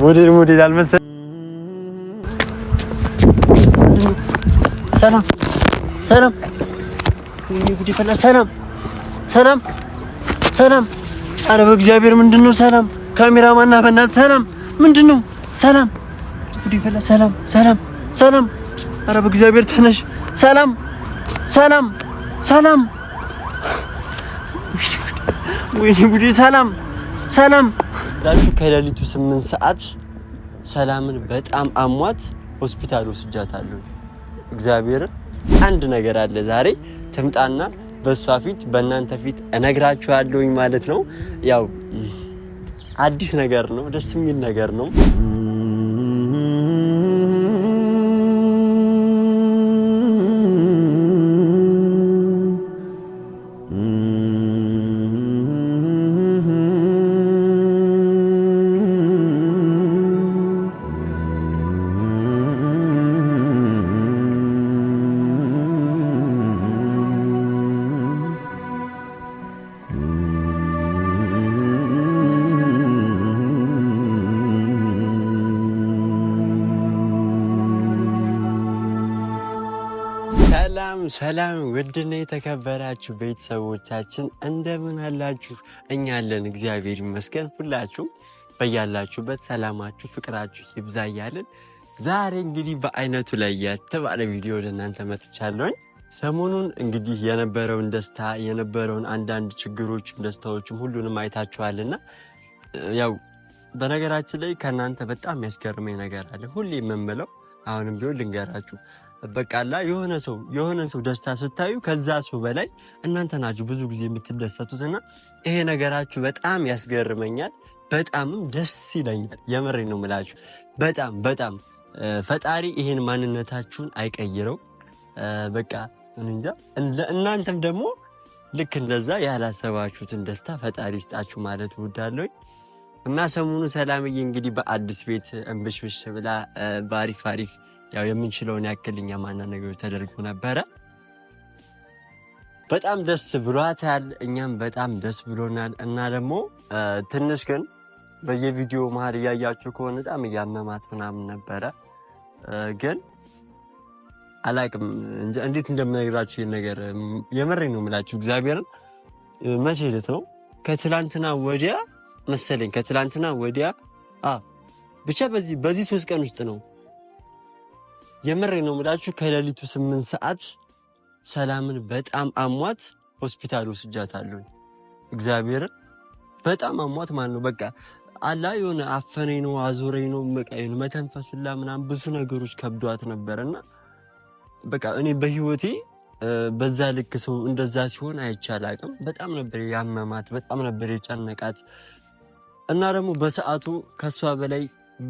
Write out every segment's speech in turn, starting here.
ሞዴል ሞዴል አልመሰለኝም። ሰላም ሰላም ሰላም ሰላም ሰላም። አረ በእግዚአብሔር ምንድን ነው ሰላም? ካሜራማን ና በእናትህ ሰላም። ምንድን ነው ሰላም? ጉድ ይፈላ። ሰላም ሰላም ሰላም። አረ በእግዚአብሔር ተነሽ። ሰላም ሰላም ሰላም። ወይኔ ጉድ። ሰላም ሰላም ላችሁ ከሌሊቱ ስምንት ሰዓት ሰላምን በጣም አሟት ሆስፒታል ወስጃታለሁ። እግዚአብሔር አንድ ነገር አለ ዛሬ ትምጣና በእሷ ፊት በእናንተ ፊት እነግራችኋለሁኝ ማለት ነው። ያው አዲስ ነገር ነው፣ ደስ የሚል ነገር ነው። ሰላም ውድና የተከበራችሁ ቤተሰቦቻችን እንደምን አላችሁ? እኛ አለን እግዚአብሔር ይመስገን። ሁላችሁ በያላችሁበት ሰላማችሁ፣ ፍቅራችሁ ይብዛ እያልን ዛሬ እንግዲህ በአይነቱ ላይ የተባለ ቪዲዮ ወደ እናንተ መጥቻለሁኝ። ሰሞኑን እንግዲህ የነበረውን ደስታ የነበረውን አንዳንድ ችግሮችም ደስታዎችም ሁሉንም አይታችኋልና ያው በነገራችን ላይ ከእናንተ በጣም ያስገርመኝ ነገር አለ። ሁሌ የምምለው አሁንም ቢሆን ልንገራችሁ በቃላ የሆነ ሰው የሆነ ሰው ደስታ ስታዩ ከዛ ሰው በላይ እናንተ ናችሁ ብዙ ጊዜ የምትደሰቱትና ይሄ ነገራችሁ በጣም ያስገርመኛል። በጣምም ደስ ይለኛል። የምሬ ነው ምላችሁ። በጣም በጣም ፈጣሪ ይሄን ማንነታችሁን አይቀይረው። በቃ እንጃ እናንተም ደግሞ ልክ እንደዛ ያላሰባችሁትን ደስታ ፈጣሪ ይስጣችሁ ማለት እወዳለሁ። እና ሰሙኑ ሰላምዬ እንግዲህ በአዲስ ቤት እንብሽብሽ ብላ በአሪፍ አሪፍ ያው የምንችለውን ያክል እኛ ማና ነገሮች ተደርጎ ነበረ። በጣም ደስ ብሏታል፣ እኛም በጣም ደስ ብሎናል። እና ደግሞ ትንሽ ግን በየቪዲዮ መሀል እያያችሁ ከሆነ በጣም እያመማት ምናምን ነበረ ግን አላቅም እንዴት እንደምነግራችሁ ይህን ነገር የምሬ ነው የምላችሁ። እግዚአብሔርን መቼ ዕለት ነው ከትላንትና ወዲያ መሰለኝ ከትላንትና ወዲያ ብቻ በዚህ በዚህ ሶስት ቀን ውስጥ ነው የምሬ ነው የምላችሁ። ከሌሊቱ ስምንት ሰዓት ሰላምን በጣም አሟት ሆስፒታል ወስጃታለሁ። እግዚአብሔር በጣም አሟት ማለት ነው በቃ አላ የሆነ አፈነኝ ነው አዞረኝ ነው በቃ የሆነ መተንፈስላ ምናምን ብዙ ነገሮች ከብዷት ነበርና በቃ እኔ በህይወቴ በዛ ልክ ሰው እንደዛ ሲሆን አይቻል አቅም በጣም ነበር ያመማት፣ በጣም ነበር የጨነቃት። እና ደግሞ በሰዓቱ ከእሷ በላይ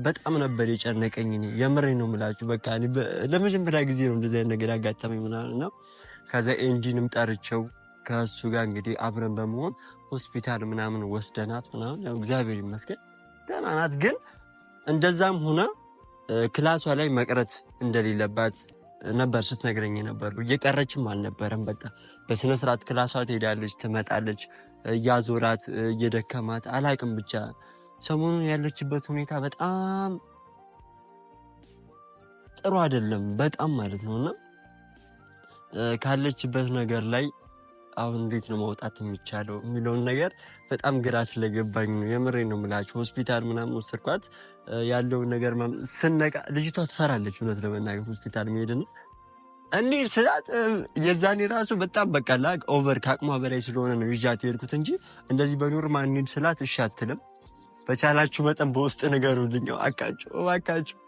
በጣም ነበር የጨነቀኝ። የምሬ ነው ምላችሁ። በቃ ለመጀመሪያ ጊዜ ነው እንደዚህ አይነት ነገር ያጋጠመኝ ምናምን ነው። ከዛ ኤንዲንም ጠርቸው ከእሱ ጋር እንግዲህ አብረን በመሆን ሆስፒታል ምናምን ወስደናት ምናምን፣ ያው እግዚአብሔር ይመስገን ደህና ናት። ግን እንደዛም ሆነ ክላሷ ላይ መቅረት እንደሌለባት ነበር ስትነግረኝ ነበሩ። እየቀረችም አልነበረም። በቃ በስነስርዓት ክላሷ ትሄዳለች፣ ትመጣለች እያዞራት እየደከማት አላቅም። ብቻ ሰሞኑን ያለችበት ሁኔታ በጣም ጥሩ አይደለም፣ በጣም ማለት ነው እና ካለችበት ነገር ላይ አሁን እንዴት ነው መውጣት የሚቻለው የሚለውን ነገር በጣም ግራ ስለገባኝ ነው። የምሬ ነው የምላችሁ። ሆስፒታል ምናምን ወሰድኳት ያለውን ነገር ስነቃ ልጅቷ ትፈራለች፣ እውነት ለመናገር ሆስፒታል ነው እንሂድ ስላት የዛኔ ራሱ በጣም በቃ ላቅ ኦቨር ከአቅሟ በላይ ስለሆነ ነው ይዣት የሄድኩት እንጂ እንደዚህ በኖርማል እንሂድ ስላት እሺ አትልም። በቻላችሁ መጠን በውስጥ ንገሩልኝ፣ እባካችሁ እባካችሁ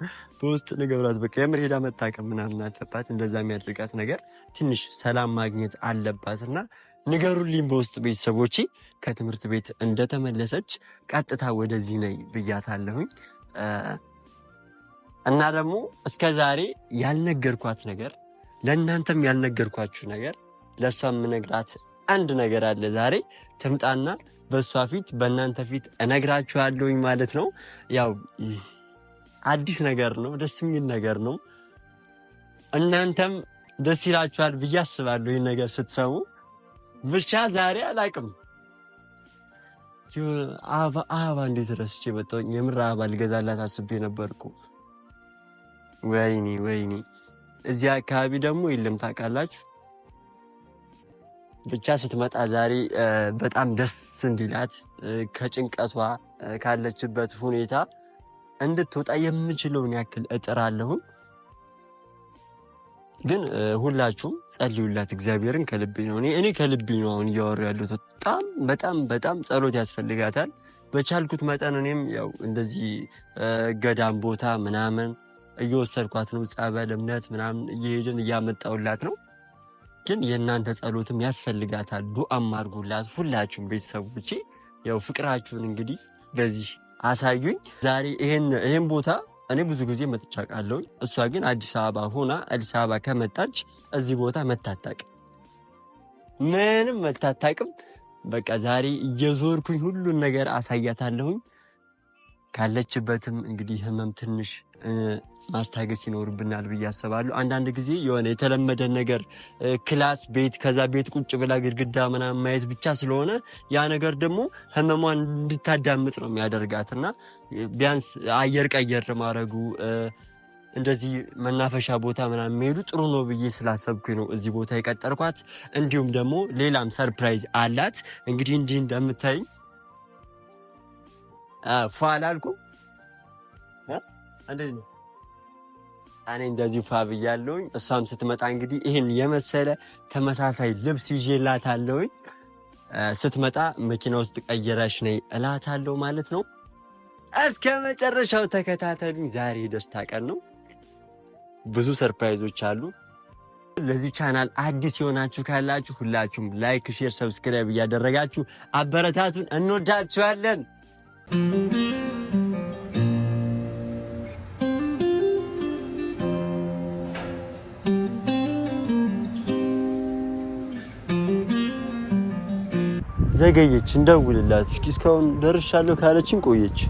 በውስጥ ንገሯት። በቃ የምር ሄዳ መታቀም ምናምን አለባት። እንደዛ የሚያደርጋት ነገር ትንሽ ሰላም ማግኘት አለባትና ንገሩልኝ በውስጥ ቤተሰቦች። ከትምህርት ቤት እንደተመለሰች ቀጥታ ወደዚህ ነይ ብያታለሁኝ። እና ደግሞ እስከ ዛሬ ያልነገርኳት ነገር ለእናንተም ያልነገርኳችሁ ነገር ለእሷ የምነግራት አንድ ነገር አለ። ዛሬ ትምጣና በእሷ ፊት በእናንተ ፊት እነግራችኋለሁኝ ማለት ነው። ያው አዲስ ነገር ነው፣ ደስ የሚል ነገር ነው። እናንተም ደስ ይላችኋል ብዬ አስባለሁ ይህ ነገር ስትሰሙ። ብቻ ዛሬ አላቅም አበባ እንዴት ረስቼ መጣሁኝ። የምር አበባ ልገዛላት አስቤ ነበርኩ። ወይኔ ወይኔ እዚህ አካባቢ ደግሞ የለም ታውቃላችሁ። ብቻ ስትመጣ ዛሬ በጣም ደስ እንዲላት ከጭንቀቷ ካለችበት ሁኔታ እንድትወጣ የምችለውን ያክል እጥራለሁኝ። ግን ሁላችሁም ጸልዩላት እግዚአብሔርን ከልቤ ነው እኔ ከልቤ ነው አሁን እያወሩ ያሉት። በጣም በጣም በጣም ጸሎት ያስፈልጋታል። በቻልኩት መጠን እኔም ያው እንደዚህ ገዳም ቦታ ምናምን እየወሰድኳት ነው። ጸበል፣ እምነት ምናምን እየሄድን እያመጣውላት ነው። ግን የእናንተ ጸሎትም ያስፈልጋታል። ዱአም አድርጉላት ሁላችሁም ቤተሰቦቼ። ያው ፍቅራችሁን እንግዲህ በዚህ አሳዩኝ። ዛሬ ይሄን ቦታ እኔ ብዙ ጊዜ መጥቻቃለሁ። እሷ ግን አዲስ አበባ ሆና አዲስ አበባ ከመጣች እዚህ ቦታ መታታቅ ምንም መታታቅም። በቃ ዛሬ እየዞርኩኝ ሁሉን ነገር አሳያታለሁኝ። ካለችበትም እንግዲህ ህመም ትንሽ ማስታገስ ይኖርብናል ብዬ አስባለሁ። አንዳንድ ጊዜ የሆነ የተለመደ ነገር ክላስ፣ ቤት ከዛ ቤት ቁጭ ብላ ግድግዳ ምናምን ማየት ብቻ ስለሆነ ያ ነገር ደግሞ ህመሟን እንድታዳምጥ ነው የሚያደርጋት እና ቢያንስ አየር ቀየር ማድረጉ እንደዚህ መናፈሻ ቦታ ምናምን የሚሄዱ ጥሩ ነው ብዬ ስላሰብኩ ነው እዚህ ቦታ የቀጠርኳት። እንዲሁም ደግሞ ሌላም ሰርፕራይዝ አላት። እንግዲህ እንዲህ እንደምታይኝ ፏ አላልኩም። እንዴት ነው እኔ እንደዚሁ ፋ ብያለሁኝ። እሷም ስትመጣ እንግዲህ ይህን የመሰለ ተመሳሳይ ልብስ ይዤላታለሁኝ። ስትመጣ መኪና ውስጥ ቀይረሽ ነይ እላታለሁ ማለት ነው። እስከ መጨረሻው ተከታተሉኝ። ዛሬ ደስታ ቀን ነው። ብዙ ሰርፕራይዞች አሉ። ለዚህ ቻናል አዲስ የሆናችሁ ካላችሁ ሁላችሁም ላይክ፣ ሼር፣ ሰብስክራይብ እያደረጋችሁ አበረታቱን። እንወዳችኋለን። ዘገየች። እንደውልላት እስኪ። እስካሁን ደርሻለሁ ካለችን ቆየች።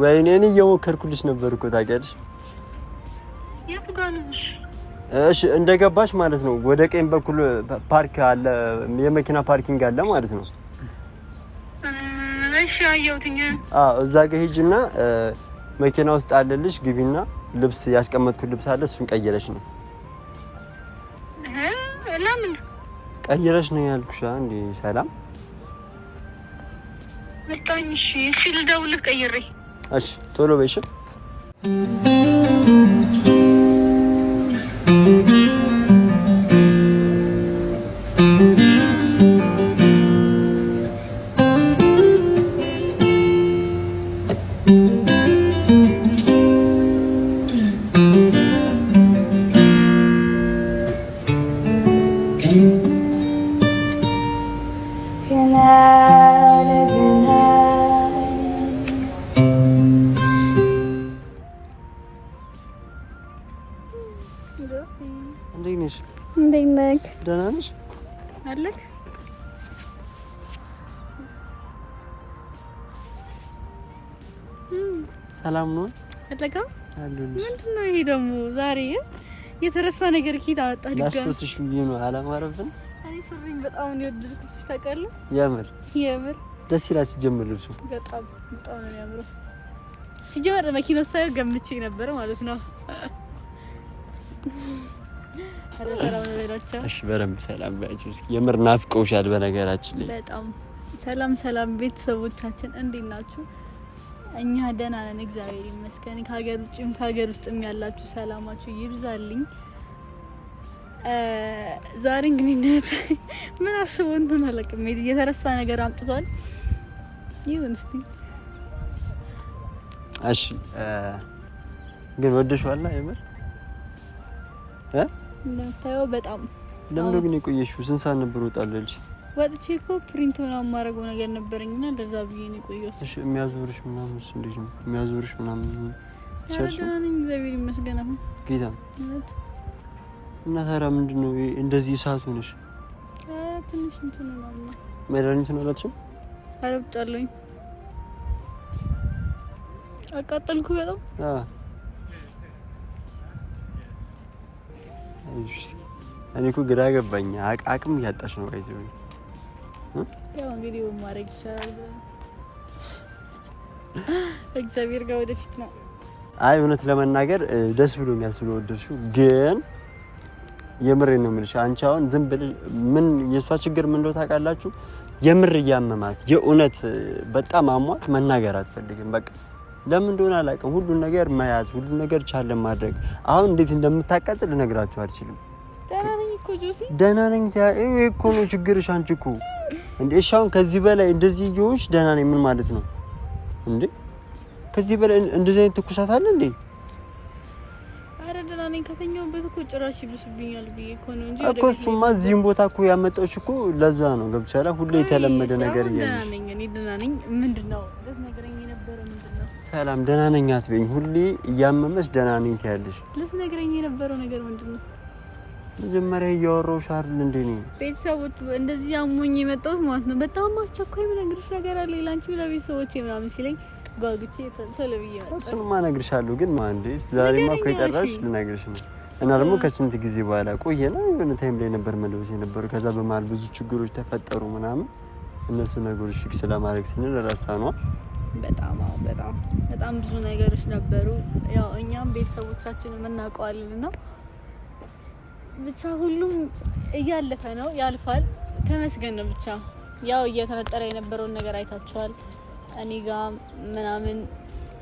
ወይኔ እኔ እየሞከርኩልሽ ነበር እኮ ታውቂያለሽ። እሺ እንደገባሽ ማለት ነው። ወደ ቀኝ በኩል ፓርክ አለ፣ የመኪና ፓርኪንግ አለ ማለት ነው። እሺ አየሁትኝ። አዎ እዛ ጋ ሂጂና መኪና ውስጥ አለልሽ፣ ግቢና ልብስ ያስቀመጥኩት ልብስ አለ። እሱን ቀይረሽ ነው ለምን ቀይረሽ ነው ያልኩሽ። እንደ ሰላም በጣም እሺ። እሺ ልደውልልህ ቀይሬ። እሺ ቶሎ በይ እሺ ደህና ሰላም ነው አለከው አሉልሽ። ምንድን ነው ይሄ ደግሞ ዛሬ የተረሳ ነገር ኪት አወጣ ድጋሚ ላስቶስሽ ብዬ ነው አላማረብን ሱሪኝ በጣም ነው የወደድኩት። ታውቃለህ? የምር የምር ደስ ይላል። ሲጀምር ልብሱ በጣም በጣም ነው የሚያምረው። ሲጀምር መኪናው ሳይሆን ገምቼ ነበረ ማለት ነው። እሺ በደንብ ሰላም ባያችሁ። እስኪ የምር ናፍቀውሻል። በነገራችን ላይ በጣም ሰላም ሰላም፣ ቤተሰቦቻችን እንዴት ናችሁ? እኛ ደህና ነን፣ እግዚአብሔር ይመስገን። ከሀገር ውጭም ከሀገር ውስጥም ያላችሁ ሰላማችሁ ይብዛልኝ። ዛሬ እንግዲህ ምን አስቦ እንደሆነ አላውቅም። የተረሳ ነገር አምጥቷል። ይሁን እስቲ እሺ። ግን ወደሽዋል የምር እ እንደምታየው በጣም ለምን ግን የቆየሽው? ስንት ሰዓት ነበር ወጣለልሽ? ወጥቼ እኮ ፕሪንት ምናምን የማደርገው ነገር ነበረኝና እንደዛ ብዬ ነው የቆየሁት። እሺ የሚያዞርሽ ምናምን እሱ እንዴት ነው የሚያዞርሽ ምናምን? እግዚአብሔር ይመስገን አሁን ጌታ እና ታዲያ ምንድን ነው እንደዚህ እሳት ሆነሽ? ትንሽ እንትን ነው መድኃኒት ነው አላችም። አረብጫለኝ አቃጠልኩ በጣም እኔ እኮ ግራ ገባኝ። አቅም እያጣሽ ነው ይዚ ያው እንግዲህ ማድረግ ይቻላል። እግዚአብሔር ጋር ወደፊት ነው። አይ እውነት ለመናገር ደስ ብሎኛል ስለወደድሽው ግን የምሬ ነው የምልሽ። አንቺ አሁን ዝም ብለሽ ምን የእሷ ችግር ምን እንደው ታውቃላችሁ? የምር እያመማት የእውነት በጣም አሟት መናገር አትፈልግም። በቃ ለምን እንደሆነ አላውቅም። ሁሉን ነገር መያዝ፣ ሁሉን ነገር ቻለ ማድረግ። አሁን እንዴት እንደምታቃጥል ልነግራችሁ አልችልም። ደህና ነኝ እኮ ነው ችግርሽ። አንቺ እኮ እንዴ እሺ፣ አሁን ከዚህ በላይ እንደዚህ እየሆንሽ ደህና ነኝ ምን ማለት ነው እንዴ? ከዚህ በላይ እንደዚህ አይነት ትኩሳት አለ እንዴ? ከተኛሁበት እኮ ጭራሽ ይብስብኛል ብዬ እኮ ነው እንጂ እኮ እሱማ እዚህም ቦታ እኮ ያመጣች እኮ ለዛ ነው ገብቻላ። ሁሌ የተለመደ ነገር እያለሽ ሰላም ደህና ነኝ አትበይኝ። ሁሌ እያመመሽ ደህና ነኝ ትያለሽ። ልትነግረኝ የነበረው ነገር ምንድን ነው? መጀመሪያ እያወራሁሽ አይደል እንዴ? ነኝ ቤተሰቦች እንደዚህ አሞኝ የመጣሁት ማለት ነው። በጣም አስቸኳይ የምነግርሽ ነገር አለ ላንቺ ለቤተሰቦቼ ምናምን ሲለኝ ጓጉቼ ቶሎ እሱንማ እነግርሻለሁ፣ ግን ማንዴስ ዛሬማ እኮ የጠራሽ ልነግርሽ ነው። እና ደግሞ ከስንት ጊዜ በኋላ ቆየ ነው የሆነ ታይም ላይ ነበር መልበስ የነበሩ። ከዛ በመሀል ብዙ ችግሮች ተፈጠሩ ምናምን። እነሱ ነገሮች ፊክስ ለማድረግ ስንል ረሳ ነው። በጣም በጣም በጣም ብዙ ነገሮች ነበሩ። ያው እኛም ቤተሰቦቻችን የምናውቀዋለን እና ብቻ ሁሉም እያለፈ ነው፣ ያልፋል። ተመስገን ነው ብቻ ያው እየተፈጠረ የነበረውን ነገር አይታችኋል። እኔ ጋር ምናምን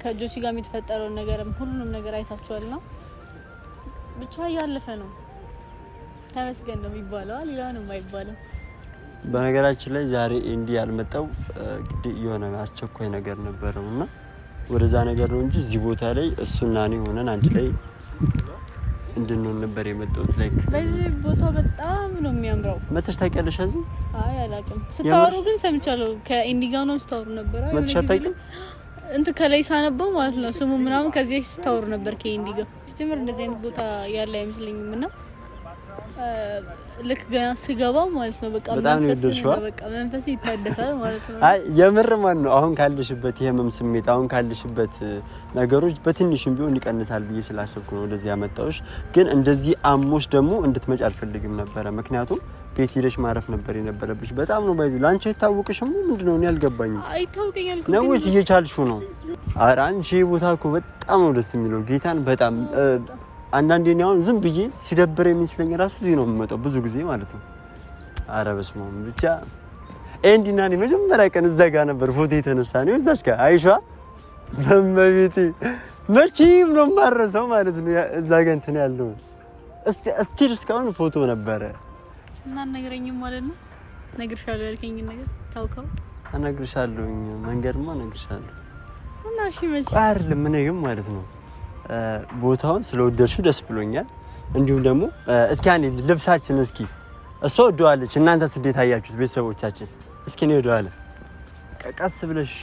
ከጆሲ ጋር የተፈጠረውን ነገርም ሁሉንም ነገር አይታችኋል። ና ብቻ እያለፈ ነው ተመስገን ነው የሚባለው ሌላ ነው የማይባለው። በነገራችን ላይ ዛሬ እንዲ ያልመጣው ግዴ የሆነ አስቸኳይ ነገር ነበረው እና ወደዛ ነገር ነው እንጂ እዚህ ቦታ ላይ እሱና እኔ ሆነን አንድ ላይ እንድንሆን ነበር የመጣሁት። ላይክ በዚህ ቦታ በጣም ነው የሚያምረው። መተሽ ታውቂያለሽ? አዚ አይ አላውቅም። ስታወሩ ግን ሰምቻለሁ። ከኢንዲጋ ነው ስታወሩ ነበር። አይ መተሽ አታውቂም? እንት ከላይ ሳነበው ማለት ነው ስሙ ምናምን ከዚህ ስታወሩ ነበር ከኢንዲጋ። ጀምር እንደዚህ አይነት ቦታ ያለ አይመስለኝም እና ልክ ገና ስገባ ማለት ነው። በቃ መንፈስ ይታደሳል ማለት ነው። አይ የምር ማን ነው አሁን ካልሽበት የህመም ስሜት አሁን ካልሽበት ነገሮች በትንሽም ቢሆን ይቀንሳል ብዬ ስላሰብኩ ነው ወደዚህ ያመጣሁሽ። ግን እንደዚህ አሞሽ ደግሞ እንድትመጭ አልፈልግም ነበረ። ምክንያቱም ቤት ሄደሽ ማረፍ ነበር የነበረብሽ። በጣም ነው ባይዚ ላንቺ አይታወቅሽም። ምንድን ነው እኔ አልገባኝም። አይታወቀኛል ነው ወይስ እየቻልሹ ነው? ኧረ አንቺ ቦታ እኮ በጣም ነው ደስ የሚለው ጌታን በጣም አንዳንዴ እኔ አሁን ዝም ብዬ ሲደብር የሚስለኝ ራሱ እዚህ ነው የምመጣው ብዙ ጊዜ ማለት ነው። ኧረ በስመ አብ ብቻ ኤንዲና እኔ መጀመሪያ ቀን እዛ ጋ ነበር ፎቶ የተነሳ ነው እዛች ጋር አይሿ በመቤቴ መቼም ነው የማረሰው ማለት ነው። እዛ ጋ እንትን ያለው እስቲ እስቲ እስካሁን ፎቶ ነበረ እና አልነግረኝም ማለት ነው። እነግርሻለሁ ያልከኝ ነገር ታውቀው እነግርሻለሁኝ መንገድማ እነግርሻለሁ እና እሺ መቼ አይደለም እኔ ግን ማለት ነው ቦታውን ስለወደድሽው ደስ ብሎኛል። እንዲሁም ደግሞ እስኪ አንዴ ልብሳችን እስኪ እሷ ወደዋለች፣ እናንተስ እንዴት አያችሁት? ቤተሰቦቻችን እስኪ እኔ ወደዋለ ቀስ ብለሽ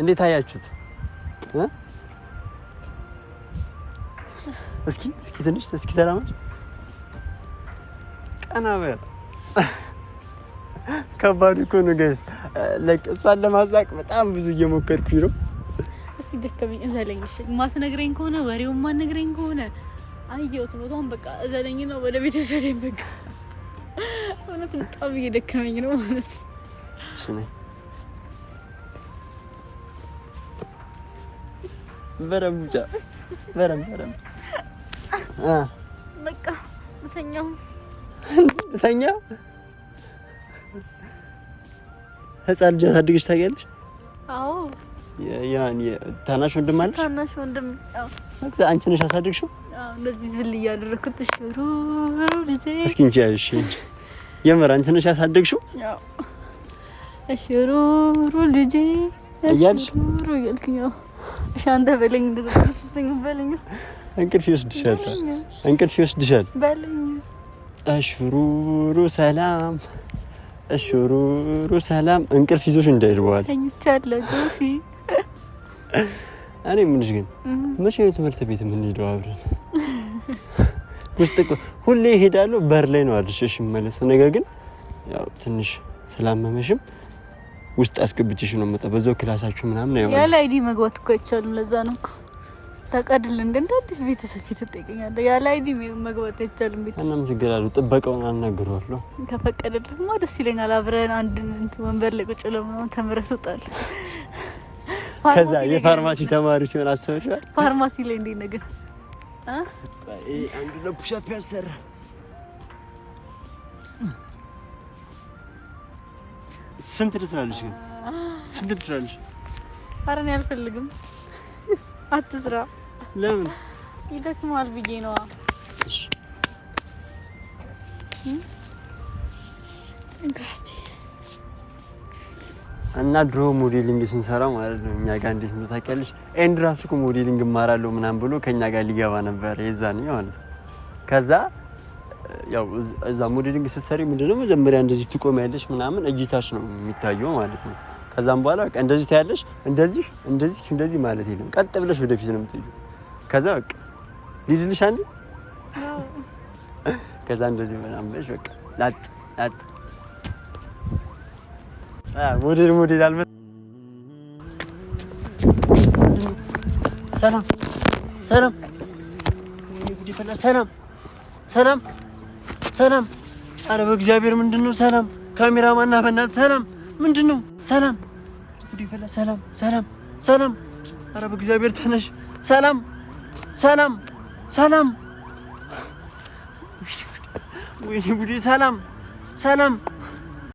እንዴት አያችሁት? እስኪ እስኪ ትንሽ እስኪ ተራመድ ቀና በል ከባድ እኮ ነው ጋይስ። ላይክ እሷን ለማሳቅ በጣም ብዙ እየሞከርኩኝ ነው። እስቲ ደከመኝ፣ እዘለኝ። ማስነግረኝ ከሆነ ወሬውን ማነግረኝ ከሆነ አየሁት ቦታውን በቃ እዘለኝ ነው ወደ ቤት እዘለኝ። በቃ እውነት በጣም እየደከመኝ ነው ማለት ነው። በረም ብቻ በረም በረም በቃ ተኛው ተኛ ህፃን ልጅ አሳድገሽ ታውቂያለሽ? አዎ። ያን ታናሽ ወንድም አለሽ? ታናሽ ወንድም አዎ። አንቺ ነሽ አሳድግሽው? አዎ። እንደዚህ ዝል እያደረኩት እሺ፣ ሩ ልጄ። እስኪ እንጂ እሺ፣ የምር አንቺ ነሽ አሳድግሽው? አዎ። እሺ፣ ሩ ሩ ልጄ እያልሽ ሩ እያልኩኝ አዎ። እሺ፣ አንተ በለኝ እንደዚህ በለኝ። እንቅልፍ ይወስድሻል፣ እንቅልፍ ይወስድሻል በለኝ። እሽሩሩ ሰላም እሹሩሩ ሰላም፣ እንቅልፍ ይዞሽ እንዳይድበዋል ተኝቻለሁ ዶሲ። እኔ ምንሽ ግን መቼ ነው ትምህርት ቤት የምንሄደው አብረን? ውስጥ ሁሌ እሄዳለሁ በር ላይ ነው አልሽ እሺ የምመለሰው። ነገር ግን ያው ትንሽ ስላመመሽም ውስጥ አስገብቼሽ ነው መጣ በዛው ክላሳችሁ ምናምን ያው ያለ አይዲ መግባት እኮ አይቻልም። ለዛ ነው እኮ ተቀድል እንደ አዲስ ቤተሰብ ፊት ትጠይቀኛለህ። ያለ አይዲ መግባት አይቻልም። ቤት እናም ችግር አለው። ጥበቃውን አናግረዋለሁ። ከፈቀደልህማ ደስ ይለኛል። አብረን አንድ ወንበር ላይ ቁጭ ብለን ምናምን ተምረህ ትወጣለህ። ከዛ የፋርማሲ ተማሪ ሲሆን አሰብሻል። ፋርማሲ ላይ እንዴት ነገር አንዱ ለፑሻፕ ያሰራ ስንት ትላለሽ? ግን ስንት ትላለሽ? ኧረ እኔ አልፈልግም አትስራ። ለምን ይደክማል ብዬ ነዋ። እና ድሮ ሞዴሊንግ ስንሰራ ማለት ነው እኛ ጋር እንዴት ነው ታውቂያለሽ? ኤንድ ራሱ እኮ ሞዴሊንግ እማራለሁ ምናምን ብሎ ከእኛ ጋር ሊገባ ነበር የዛኔ ማለት ነው። ከዛ ያው እዛ ሞዴሊንግ ስትሰሪ ምንድነው መጀመሪያ እንደዚህ ትቆሚያለሽ ምናምን እይታሽ ነው የሚታየው ማለት ነው ከዛም በኋላ በቃ እንደዚህ ታያለሽ፣ እንደዚህ እንደዚህ እንደዚህ ማለት የለም። ቀጥ ብለሽ ወደፊት ነው የምትሄጂው። ከዛ በቃ ሊድልሽ አንዴ፣ ከዛ እንደዚህ ምናምን ብለሽ በቃ ላጥ ላጥ ሞዴል ሞዴል አልመ ሰላም ሰላም ሰላም ሰላም ሰላም። አረ በእግዚአብሔር ምንድን ነው ሰላም? ካሜራማን በእናትህ ሰላም ምንድን ነው ሰላም? ጉድ ይፈላ። ሰላም ሰላም ሰላም! ኧረ በእግዚአብሔር ተነሽ! ሰላም ሰላም ሰላም! ወይኔ ጉዴ! ሰላም ሰላም